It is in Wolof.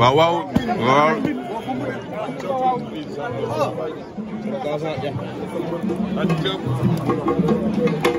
waaw waaw waaw.